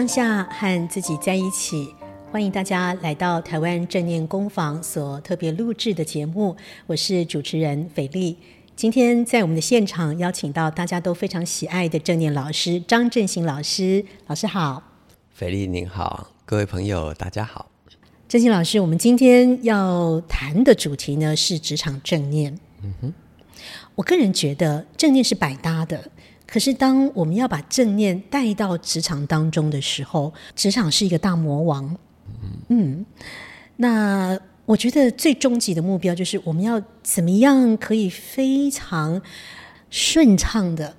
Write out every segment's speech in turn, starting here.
當下和自己在一起，歡迎大家來到台灣正念工坊所特別錄製的節目。我是主持人斐莉。今天在我們的現場邀請到大家都非常喜愛的正念老師張振興老師。老師好，斐莉您好，各位朋友大家好。振興老師，我們今天要談的主題呢是職場正念。嗯哼，我個人覺得正念是百搭的。可是，當我們要把正念帶到職場當中的時候，職場是一個大魔王。嗯，嗯，那我覺得最終極的目標就是，我們要怎麼樣可以非常順暢的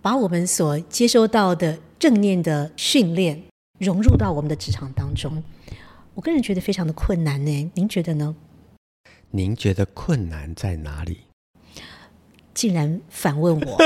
把我們所接收到的正念的訓練融入到我們的職場當中？我個人覺得非常的困難呢。您覺得呢？您覺得困難在哪裡？竟然反問我，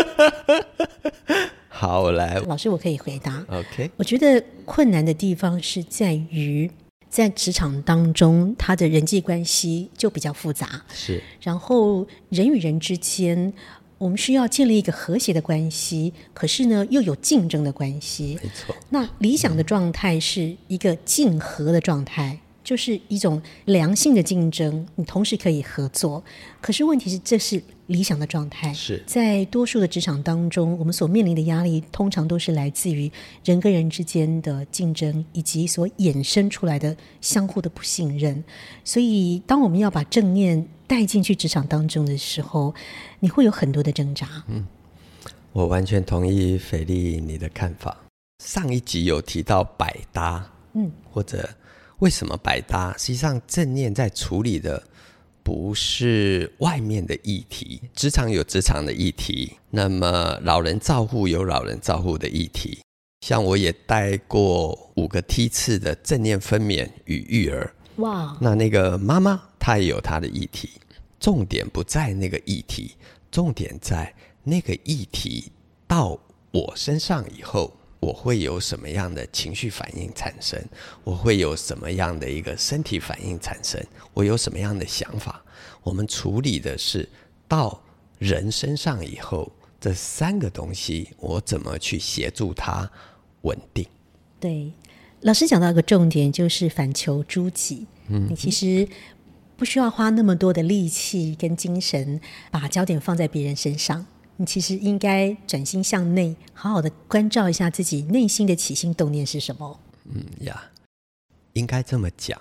好，我來，老師，我可以回答。OK，我覺得困難的地方是在於，在職場當中，他的人際關係就比較複雜。是，然後人與人之間，我們需要建立一個和諧的關係，可是呢，又有競爭的關係。沒錯。那理想的狀態是一個競合的狀態，嗯，就是一種良性的競爭，你同時可以合作。可是問題是，這是。理想的狀態是，在多數的職場當中，我們所面臨的壓力通常都是來自於人跟人之間的競爭，以及所衍生出來的相互的不信任。所以，當我們要把正念帶進去職場當中的時候，你會有很多的掙扎。嗯，我完全同意斐莉你的看法。上一集有提到百搭，嗯，或者為什麼百搭？實際上，正念在處理的。不是外面的議題，職場有職場的議題，那麼老人照護有老人照護的議題。像我也帶過五個梯次的正念分娩與育兒，哇，wow，那那個媽媽她也有她的議題，重點不在那個議題，重點在那個議題到我身上以後。我會有什麼樣的情緒反應產生？我會有什麼樣的一個身體反應產生？我有什麼樣的想法？我們處理的是到人身上以後這三個東西，我怎麼去協助他穩定？對，老師講到一個重點，就是反求諸己。嗯，嗯，你其實不需要花那麼多的力氣跟精神，把焦點放在別人身上。你其實應該轉心向內，好好的觀照一下自己內心的起心動念是什麼。嗯呀，yeah. 應該這麼講。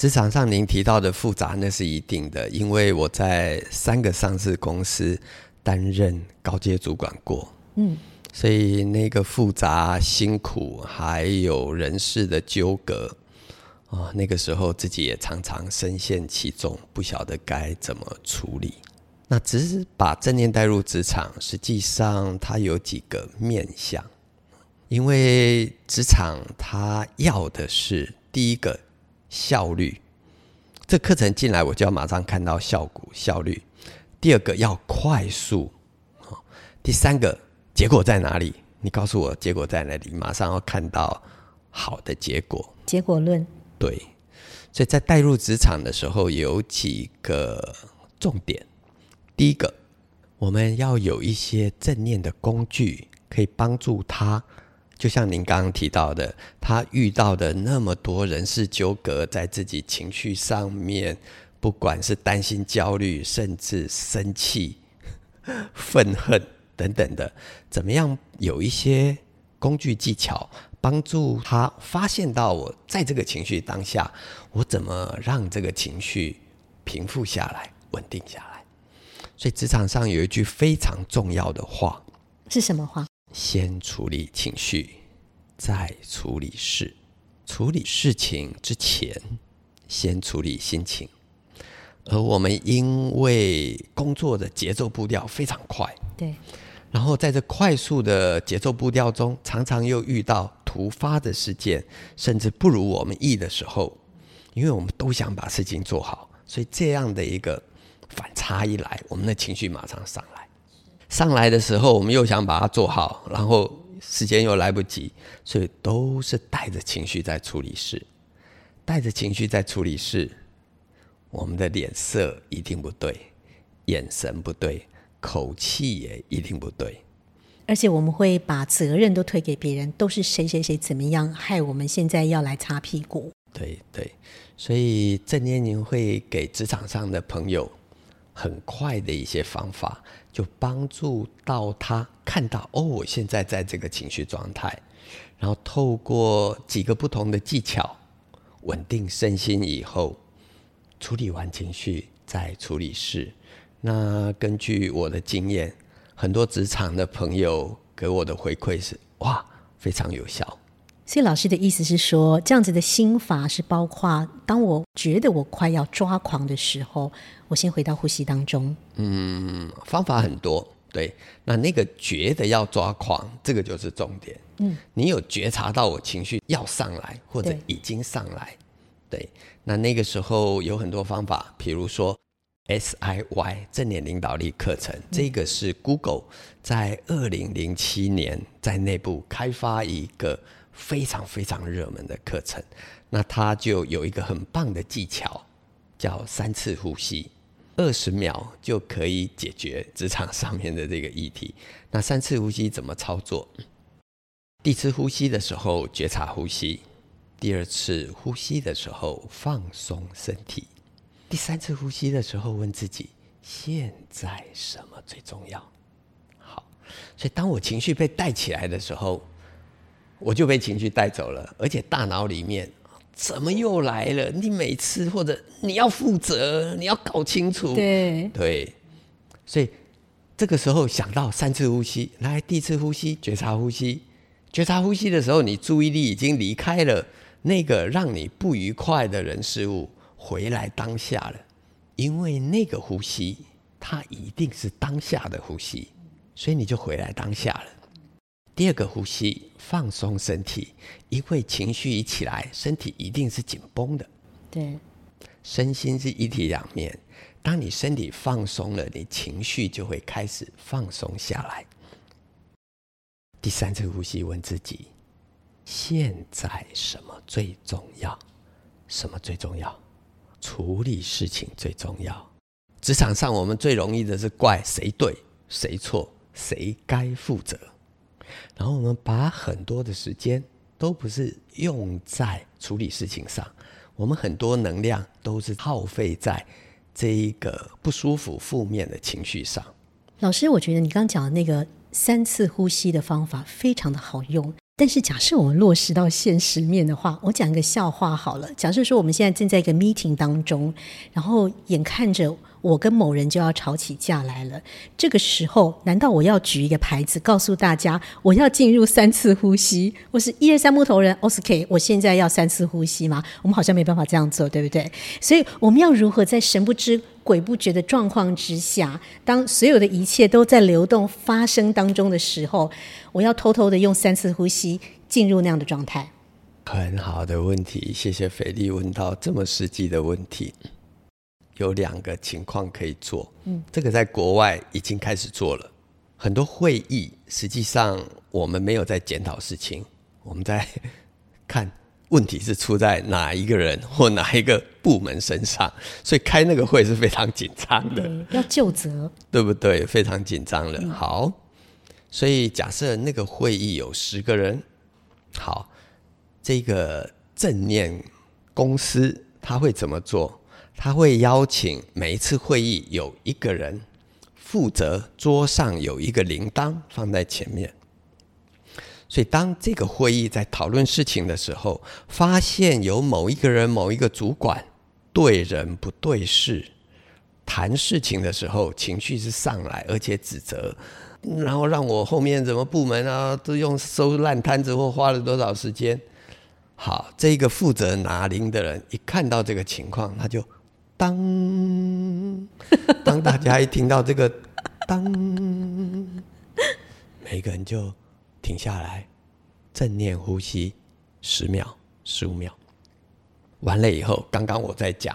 職場上您提到的複雜，那是一定的，因為我在三個上市公司擔任高階主管過。嗯，所以那個複雜、辛苦，還有人事的糾葛啊、哦，那個時候自己也常常深陷其中，不曉得該怎麼處理。那只是把正念帶入職場，實際上它有幾個面向，因為職場它要的是第一個效率，這課程進來我就要馬上看到效果、效率；第二個要快速；哦，第三個結果在哪裡？你告訴我結果在哪裡，馬上要看到好的結果。結果論，對，所以在帶入職場的時候有幾個重點。第一個，我們要有一些正念的工具，可以幫助他。就像您剛剛提到的，他遇到的那麼多人事糾葛，在自己情緒上面，不管是擔心、焦慮，甚至生氣、憤 恨等等的，怎麼樣有一些工具技巧，幫助他發現到我在這個情緒當下，我怎麼讓這個情緒平復下來、穩定下來。所以職場上有一句非常重要的話，是什麼話？先處理情緒，再處理事。處理事情之前，先處理心情。而我們因為工作的節奏步調非常快，對。然後在這快速的節奏步調中，常常又遇到突發的事件，甚至不如我們意的時候，因為我們都想把事情做好，所以這樣的一個。反差一來，我們的情緒馬上上來。上來的時候，我們又想把它做好，然後時間又來不及，所以都是帶着情緒在處理事，帶着情緒在處理事，我們的臉色一定不對，眼神不對，口氣也一定不對。而且我們會把責任都推給別人，都是誰誰誰怎麼樣，害我們現在要來擦屁股。對對，所以這些年會給職場上的朋友。很快的一些方法，就幫助到他看到哦，我現在在這個情緒狀態，然後透過幾個不同的技巧，穩定身心以後，處理完情緒再處理事。那根據我的經驗，很多職場的朋友給我的回饋是哇，非常有效。所以老師的意思是說，這樣子的心法是包括當我覺得我快要抓狂的時候，我先回到呼吸當中。嗯，方法很多，嗯、對。那那個覺得要抓狂，這個就是重點。嗯，你有覺察到我情緒要上來，或者已經上來對。對。那那個時候有很多方法，比如說 S I Y 正念領導力課程、嗯，這個是 Google 在二零零七年在內部開發一個。非常非常熱門的課程，那它就有一個很棒的技巧，叫三次呼吸，二十秒就可以解決職場上面的這個議題。那三次呼吸怎麼操作？第一次呼吸的時候覺察呼吸，第二次呼吸的時候放鬆身體，第三次呼吸的時候問自己：現在什麼最重要？好，所以當我情緒被帶起來的時候。我就被情緒帶走了，而且大腦裡面怎麼又來了？你每次，或者你要負責，你要搞清楚。對對，所以這個時候想到三次呼吸，來，第一次呼吸，覺察呼吸，覺察呼吸的時候，你注意力已經離開了那個讓你不愉快的人事物，回來當下了，因為那個呼吸它一定是當下的呼吸，所以你就回來當下了。第二個呼吸。放鬆身體，因為情緒一起來，身體一定是緊繃的。對，身心是一體兩面。當你身體放鬆了，你情緒就會開始放鬆下來。第三次呼吸，問自己：現在什麼最重要？什麼最重要？處理事情最重要。職場上，我們最容易的是怪誰對誰錯，誰該負責。然後我們把很多的時間都不是用在處理事情上，我們很多能量都是耗費在這一個不舒服、負面的情緒上。老師，我覺得你剛講的那個三次呼吸的方法非常的好用。但是假設我們落實到現實面的話，我講一個笑話好了。假設說我們現在正在一個 meeting 當中，然後眼看着。我跟某人就要吵起架來了，這個時候難道我要舉一個牌子告訴大家，我要進入三次呼吸，我是一二三木頭人，OK，我現在要三次呼吸嗎？我們好像沒辦法這樣做，對不對？所以我們要如何在神不知鬼不覺的狀況之下，當所有的一切都在流動發生當中的時候，我要偷偷的用三次呼吸進入那樣的狀態？很好的問題，謝謝斐莉。問到這麼實際的問題。有兩個情況可以做，嗯，這個在國外已經開始做了，很多會議實際上我們沒有在檢討事情，我們在看問題是出在哪一個人或哪一個部門身上，所以開那個會是非常緊張的，嗯、要究責對不對？非常緊張了、嗯。好，所以假設那個會議有十個人，好，這個正念公司他會怎麼做？他會邀請每一次會議有一個人負責，桌上有一個鈴鐺放在前面。所以當這個會議在討論事情的時候，發現有某一個人、某一個主管對人不對事，談事情的時候情緒是上來，而且指責，然後讓我後面什麼部門啊都用收爛攤子或花了多少時間。好，這個負責拿鈴的人一看到這個情況，他就。當當，大家一聽到這個“當”，每個人就停下來，正念呼吸十秒、十五秒。完了以後，剛剛我在講，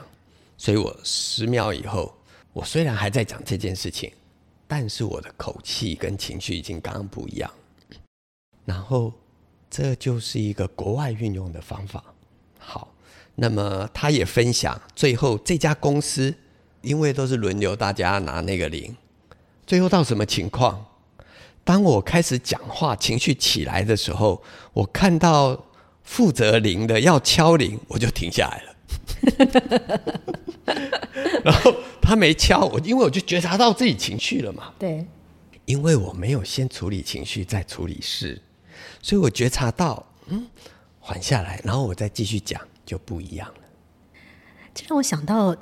所以我十秒以後，我雖然還在講這件事情，但是我的口氣跟情緒已經剛剛不一樣。然後，這就是一個國外運用的方法。那麼他也分享，最後這家公司因為都是輪流大家拿那個鈴，最後到什麼情況？當我開始講話，情緒起來的時候，我看到負責鈴的要敲鈴，我就停下來了。 然後他沒敲我，因為我就覺察到自己情緒了嘛。對，因為我沒有先處理情緒再處理事，所以我覺察到，嗯，緩下來，然後我再繼續講。就不一樣了。這讓我想到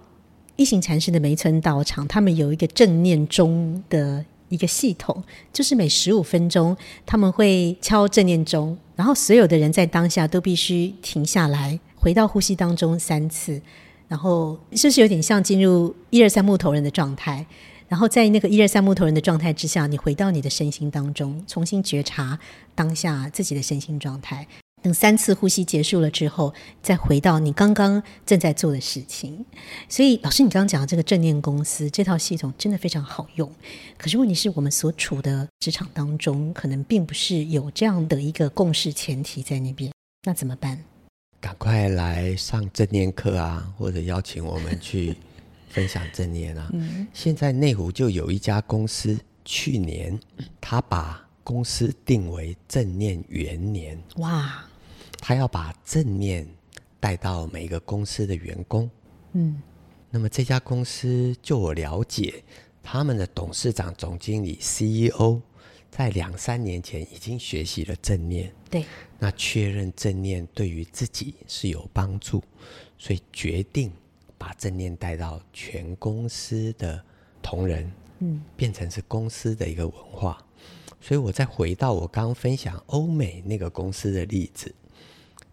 一行禪師的梅村道場，他們有一個正念鐘的一個系統，就是每十五分鐘，他們會敲正念鐘，然後所有的人在當下都必須停下來，回到呼吸當中三次。然後就是，是有點像進入一二三木頭人的狀態，然後在那個一二三木頭人的狀態之下，你回到你的身心當中，重新覺察當下自己的身心狀態。等三次呼吸結束了之後，再回到你剛剛正在做的事情。所以，老師，你剛剛講的這個正念公司這套系統真的非常好用。可是問題是我們所處的職場當中，可能並不是有這樣的一個共識前提在那邊。那怎麼辦？趕快來上正念課啊，或者邀請我們去分享正念啊。 嗯、現在內湖就有一家公司，去年他把公司定為正念元年。哇！他要把正念帶到每一個公司的員工，嗯，那麼這家公司就我了解，他們的董事長、總經理、CEO 在兩三年前已經學習了正念，對，那確認正念對於自己是有幫助，所以決定把正念帶到全公司的同仁，嗯，變成是公司的一個文化。所以，我再回到我剛剛分享歐美那個公司的例子。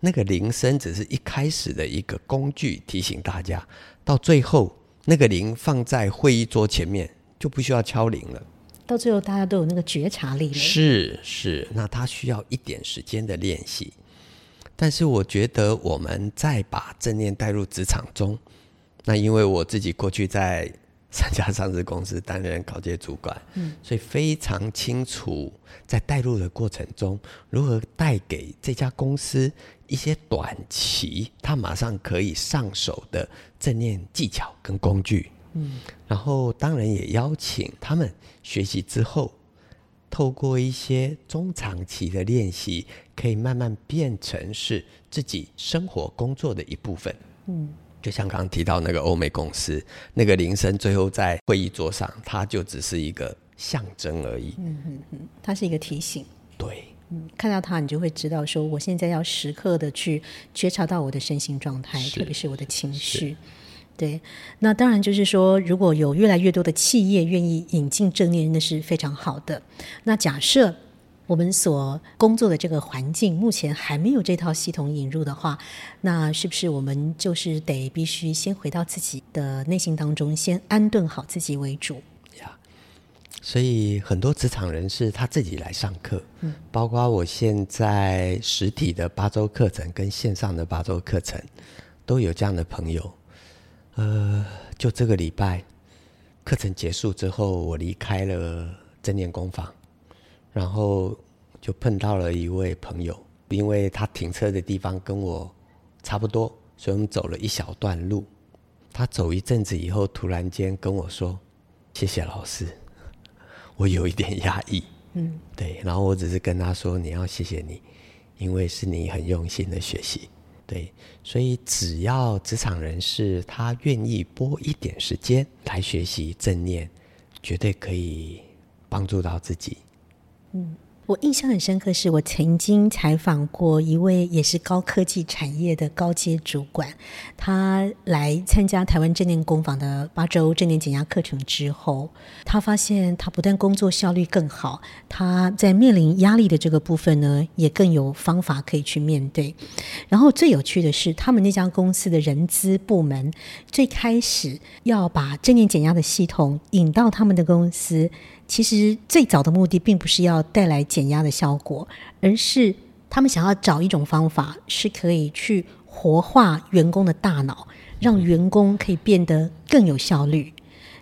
那個鈴聲只是一開始的一個工具，提醒大家。到最後，那個鈴放在會議桌前面，就不需要敲鈴了。到最後，大家都有那個覺察力。是是，那他需要一點時間的練習。但是，我覺得我們在把正念帶入職場中，那因為我自己過去在三家上市公司擔任高階主管，嗯，所以非常清楚在帶入的過程中如何帶給這家公司。一些短期他馬上可以上手的正念技巧跟工具，嗯，然後當然也邀請他們學習之後，透過一些中長期的練習，可以慢慢變成是自己生活工作的一部分，嗯，就像剛剛提到那個歐美公司那個鈴聲，最後在會議桌上，它就只是一個象徵而已，嗯哼哼，它是一個提醒，對。嗯，看到它，你就會知道說，我現在要時刻的去覺察到我的身心狀態，特別是我的情緒。對，那當然就是說，如果有越來越多的企業願意引進正念，那是非常好的。那假設我們所工作的這個環境目前還沒有這套系統引入的話，那是不是我們就是得必須先回到自己的內心當中，先安頓好自己為主？所以很多職場人士他自己來上課，嗯，包括我現在實體的八周課程跟線上的八周課程，都有這樣的朋友。呃，就這個禮拜課程結束之後，我離開了正念工坊，然後就碰到了一位朋友，因為他停車的地方跟我差不多，所以我們走了一小段路。他走一陣子以後，突然間跟我說：“謝謝老師。”我有一點壓抑，嗯，對，然後我只是跟他說，你要謝謝你，因為是你很用心的學習，對，所以只要職場人士他願意撥一點時間來學習正念，絕對可以幫助到自己，嗯。我印象很深刻，是我曾經採訪過一位也是高科技產業的高階主管，他來參加台灣正念工坊的八周正念減壓課程之後，他發現他不但工作效率更好，他在面臨壓力的這個部分呢，也更有方法可以去面對。然後最有趣的是，他們那家公司的人資部門最開始要把正念減壓的系統引到他們的公司。其實最早的目的並不是要帶來減壓的效果，而是他們想要找一種方法，是可以去活化員工的大腦，讓員工可以變得更有效率。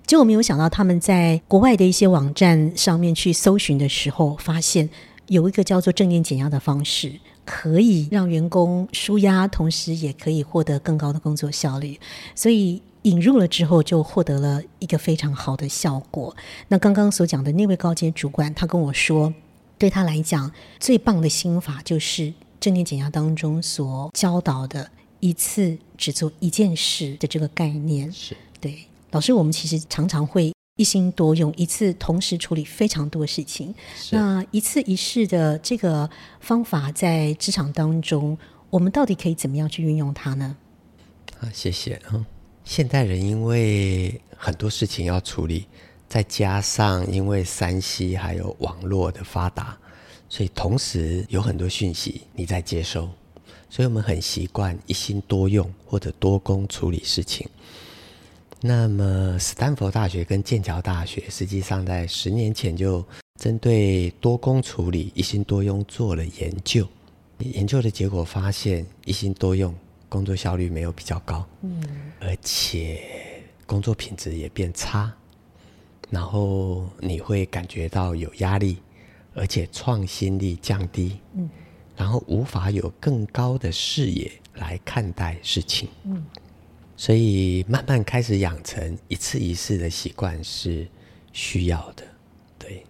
結果沒有想到，他們在國外的一些網站上面去搜尋的時候，發現有一個叫做正念減壓的方式，可以讓員工舒壓，同時也可以獲得更高的工作效率。所以，引入了之後，就獲得了一個非常好的效果。那剛剛所講的那位高階主管，他跟我說，對他來講，最棒的心法就是正念減壓當中所教導的“一次只做一件事”的這個概念。是對，老師，我們其實常常會一心多用，一次同時處理非常多事情。那一次一事的這個方法，在職場當中，我們到底可以怎麼樣去運用它呢？好，謝謝啊。嗯現代人因為很多事情要處理，再加上因為 3C 還有網絡的發達，所以同時有很多訊息你在接收，所以我們很習慣一心多用或者多工處理事情。那麼，斯坦福大學跟劍橋大學實際上在十年前就針對多工處理、一心多用做了研究，研究的結果發現一心多用。工作效率沒有比較高，嗯，而且工作品質也變差，然後你會感覺到有壓力，而且創新力降低，嗯，然後無法有更高的視野來看待事情，嗯，所以慢慢開始養成一次一次的習慣是需要的，對，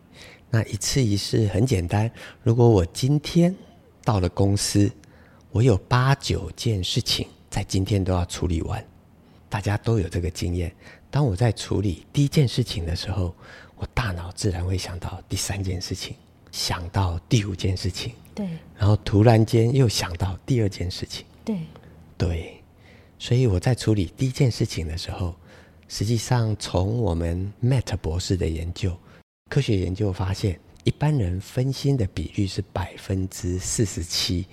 那一次一次很簡單，如果我今天到了公司。我有八九件事情在今天都要處理完，大家都有這個經驗。當我在處理第一件事情的時候，我大腦自然會想到第三件事情，想到第五件事情，對，然後突然間又想到第二件事情，對，對。所以我在處理第一件事情的時候，實際上從我們 Matt 博士的研究，科學研究發現，一般人分心的比率是百分之四十七。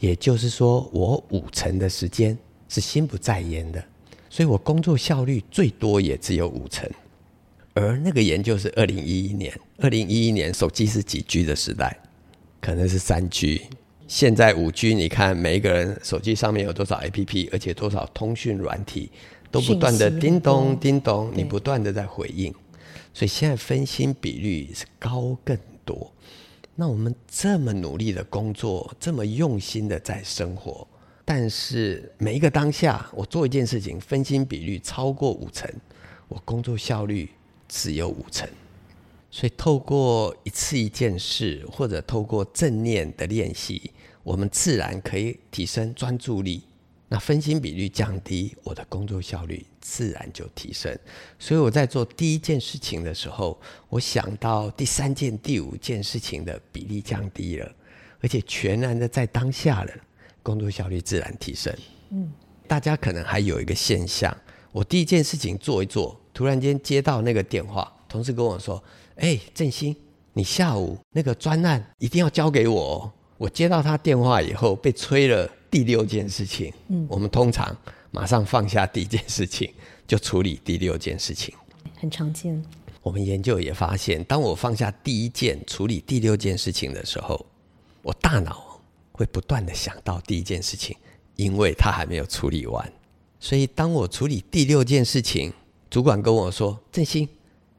也就是說，我五成的時間是心不在焉的，所以我工作效率最多也只有五成。而那個研究是二零一一年，二零一一年手機是幾 G 的時代，可能是三 G。現在五 G，你看每一個人手機上面有多少 APP，而且多少通訊軟體都不斷的叮咚叮咚，你不斷的在回應，所以現在分心比率是高更多。那我們這麼努力的工作，這麼用心的在生活，但是每一個當下，我做一件事情，分心比率超過五成，我工作效率只有五成。所以透過一次一件事，或者透過正念的練習，我們自然可以提升專注力。那分心比率降低，我的工作效率自然就提升。所以我在做第一件事情的時候，我想到第三件、第五件事情的比例降低了，而且全然的在當下了，工作效率自然提升。嗯，大家可能還有一個現象，我第一件事情做一做，突然間接到那個電話，同事跟我說：“哎、欸，振興，你下午那個專案一定要交給我哦。”我接到他電話以後，被催了。第六件事情，嗯，我們通常馬上放下第一件事情，就處理第六件事情，很常見。我們研究也發現，當我放下第一件，處理第六件事情的時候，我大腦會不斷地想到第一件事情，因為它還沒有處理完。所以，當我處理第六件事情，主管跟我說：“振興，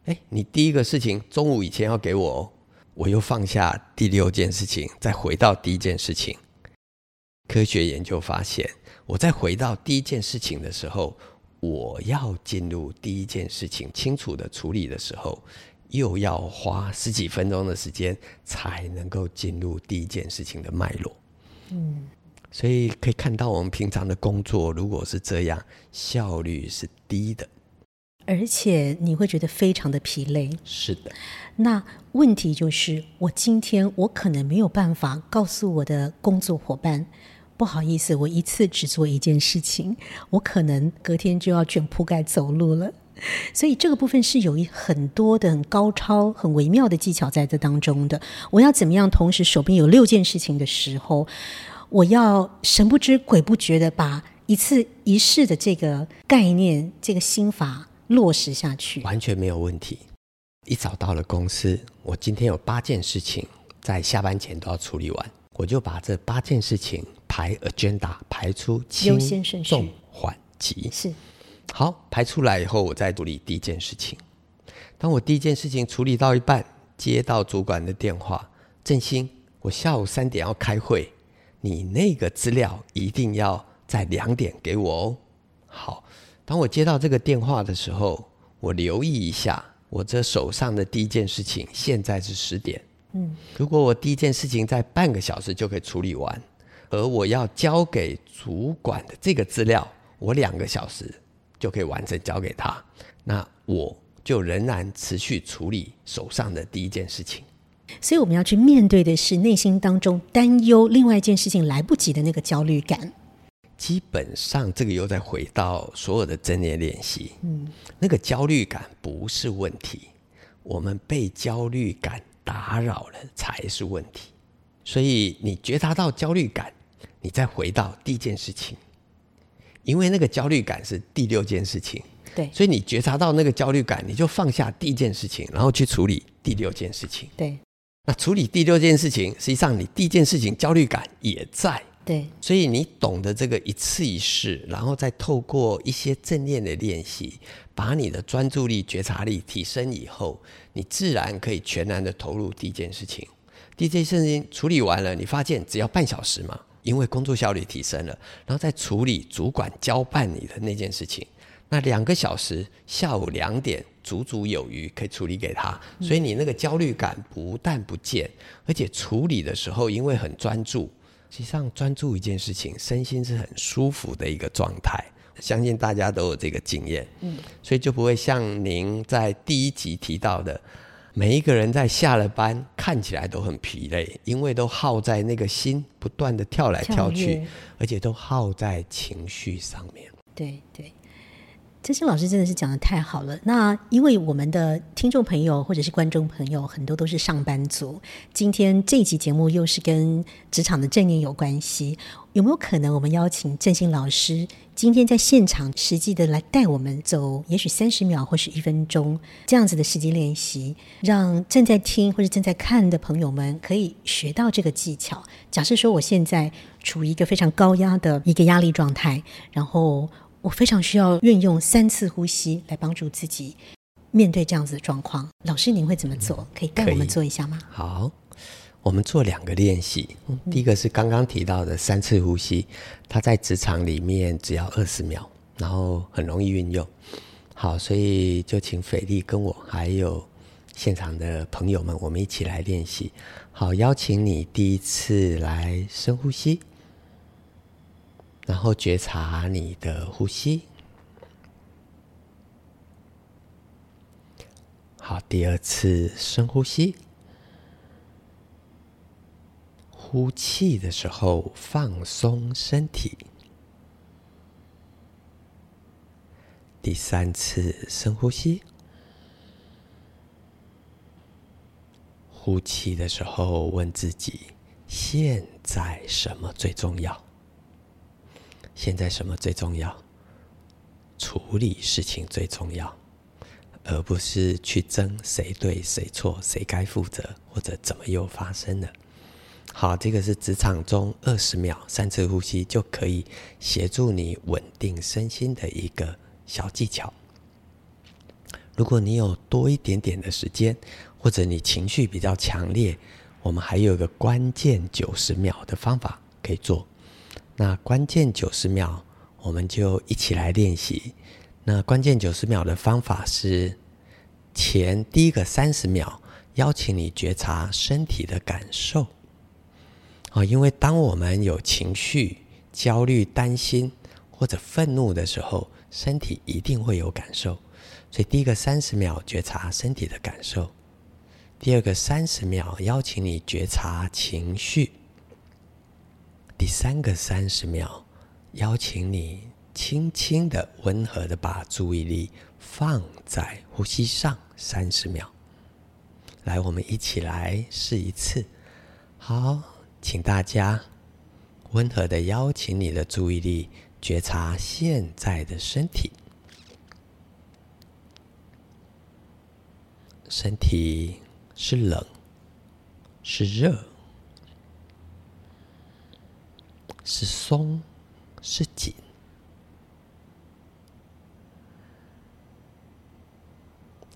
哎，你第一個事情中午以前要給我哦。”我又放下第六件事情，再回到第一件事情。科學研究發現，我再回到第一件事情的時候，我要進入第一件事情清楚的處理的時候，又要花十幾分鐘的時間才能夠進入第一件事情的脈絡。嗯，所以可以看到，我們平常的工作如果是這樣，效率是低的，而且你會覺得非常的疲累。是的，那問題就是，我今天我可能沒有辦法告訴我的工作夥伴。不好意思，我一次只做一件事情，我可能隔天就要捲鋪蓋走路了。所以這個部分是有一很多的很高超、很微妙的技巧在這當中的。我要怎麼樣同時手邊有六件事情的時候，我要神不知鬼不覺的把一次一事的這個概念、這個心法落實下去，完全沒有問題。一早到了公司，我今天有八件事情在下班前都要處理完，我就把這八件事情，排 agenda 排出輕重緩急，優先順序，是，好排出來以後，我再處理第一件事情。當我第一件事情處理到一半，接到主管的電話，振興，我下午三點要開會，你那個資料一定要在兩點給我哦。好，當我接到這個電話的時候，我留意一下我這手上的第一件事情。現在是十點，嗯，如果我第一件事情在半個小時就可以處理完。而我要交給主管的這個資料，我兩個小時就可以完成交給他。那我就仍然持續處理手上的第一件事情。所以我們要去面對的是內心當中擔憂另外一件事情來不及的那個焦慮感。基本上這個又再回到所有的正念練習，嗯，那個焦慮感不是問題，我們被焦慮感打擾了才是問題。所以你覺察到焦慮感，你再回到第一件事情，因為那個焦慮感是第六件事情，對，所以你覺察到那個焦慮感，你就放下第一件事情，然後去處理第六件事情。對，那處理第六件事情，實際上你第一件事情焦慮感也在，對，所以你懂得這個一次一事，然後再透過一些正念的練習，把你的專注力、覺察力提升以後，你自然可以全然的投入第一件事情。第一件事情處理完了，你發現只要半小時嘛。因為工作效率提升了，然後再處理主管交辦你的那件事情，那兩個小時下午兩點足足有餘可以處理給他，嗯，所以你那個焦慮感不但不見，而且處理的時候因為很專注，實際上專注一件事情，身心是很舒服的一個狀態，相信大家都有這個經驗，嗯，所以就不會像您在第一集提到的。每一個人在下了班，看起來都很疲累，因為都耗在那個心不斷的跳來跳去，而且都耗在情緒上面。對對，振興老師真的是講得太好了。那因為我們的聽眾朋友或者是觀眾朋友很多都是上班族，今天這集節目又是跟職場的正念有關係。有沒有可能我們邀請振興老師今天在現場實際的來帶我們走？也許三十秒或是一分鐘這樣子的實際練習，讓正在聽或者正在看的朋友們可以學到這個技巧。假設說我現在處於一個非常高壓的一個壓力狀態，然後我非常需要運用三次呼吸來幫助自己面對這樣子的狀況。老師，您會怎麼做？可以帶我們做一下嗎？好。我們做兩個練習，嗯，第一個是剛剛提到的三次呼吸，它在職場裡面只要二十秒，然後很容易運用。好，所以就請斐莉跟我還有現場的朋友們，我們一起來練習。好，邀請你第一次來深呼吸，然後覺察你的呼吸。好，第二次深呼吸。呼氣的時候放鬆身體。第三次深呼吸，呼氣的時候問自己：現在什麼最重要？現在什麼最重要？處理事情最重要，而不是去爭誰對誰錯、誰該負責，或者怎麼又發生了。好，這個是職場中二十秒三次呼吸就可以協助你穩定身心的一個小技巧。如果你有多一點點的時間，或者你情緒比較強烈，我們還有一個關鍵九十秒的方法可以做。那關鍵九十秒，我們就一起來練習。那關鍵九十秒的方法是：前第一個三十秒，邀請你覺察身體的感受。啊，因為當我們有情緒、焦慮、擔心或者憤怒的時候，身體一定會有感受。所以，第一個三十秒覺察身體的感受。第二個三十秒邀請你覺察情緒。第三個三十秒邀請你輕輕的、溫和的把注意力放在呼吸上三十秒。來，我們一起來試一次，好。請大家溫和的邀請你的注意力，覺察現在的身體。身體是冷，是熱，是鬆，是緊。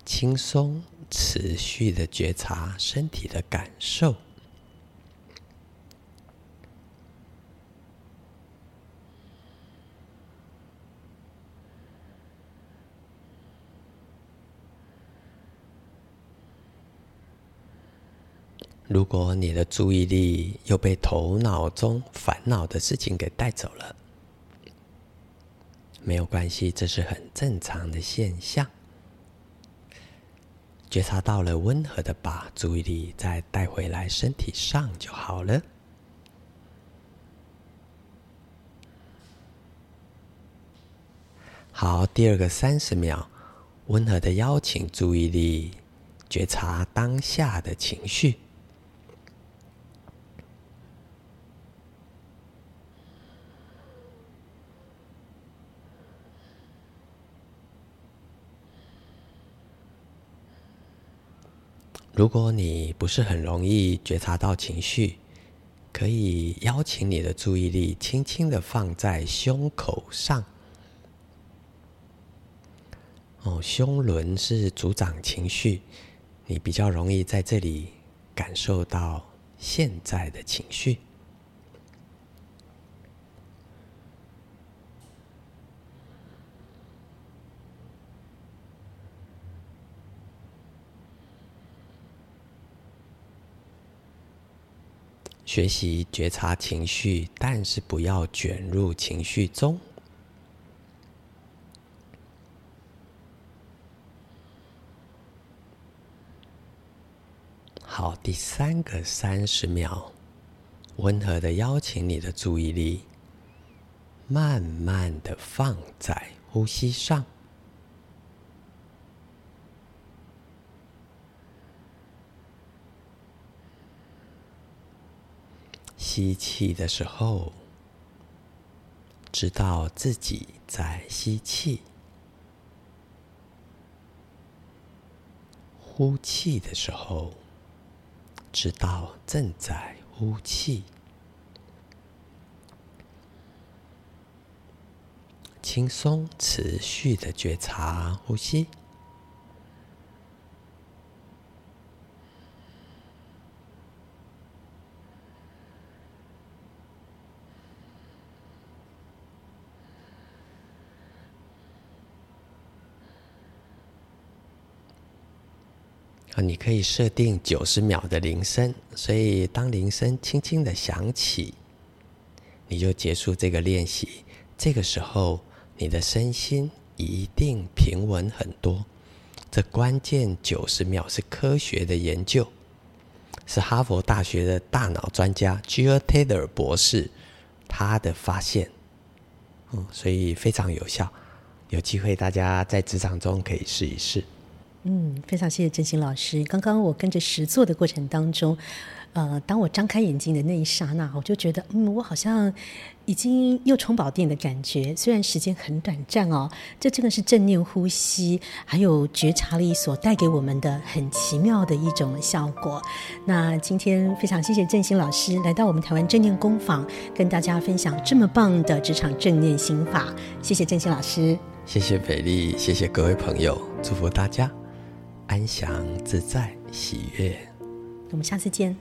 輕鬆持續的覺察身體的感受。如果你的注意力又被頭腦中煩惱的事情給帶走了，沒有關係，這是很正常的現象。覺察到了，溫和的把注意力再帶回來，身體上就好了。好，第二個三十秒，溫和的邀請注意力，覺察當下的情緒。如果你不是很容易覺察到情緒，可以邀請你的注意力輕輕的放在胸口上。哦，胸輪是主掌情緒，你比較容易在這裡感受到現在的情緒。學習覺察情緒，但是不要捲入情緒中。好，第三個三十秒，溫和的邀請你的注意力，慢慢的放在呼吸上。吸氣的時候，知道自己在吸氣；呼氣的時候，知道正在呼氣。輕鬆、持續的覺察呼吸。啊，你可以設定九十秒的鈴聲，所以當鈴聲輕輕的響起，你就結束這個練習。這個時候，你的身心一定平穩很多。這關鍵九十秒是科學的研究，是哈佛大學的大腦專家 Gio Taylor 博士他的發現。嗯，所以非常有效。有機會大家在職場中可以試一試。嗯，非常謝謝振興老師。剛剛我跟着實作的過程當中，呃，當我張開眼睛的那一剎那，我就覺得，嗯，我好像已經又充飽電的感覺，雖然時間很短暫哦，這真的是正念呼吸還有覺察力所帶給我們的很奇妙的一種效果。那今天非常謝謝振興老師來到我們台灣正念工坊，跟大家分享這麼棒的職場正念心法。謝謝振興老師，謝謝斐莉，謝謝各位朋友，祝福大家，安詳、自在、喜悅。我們下次見。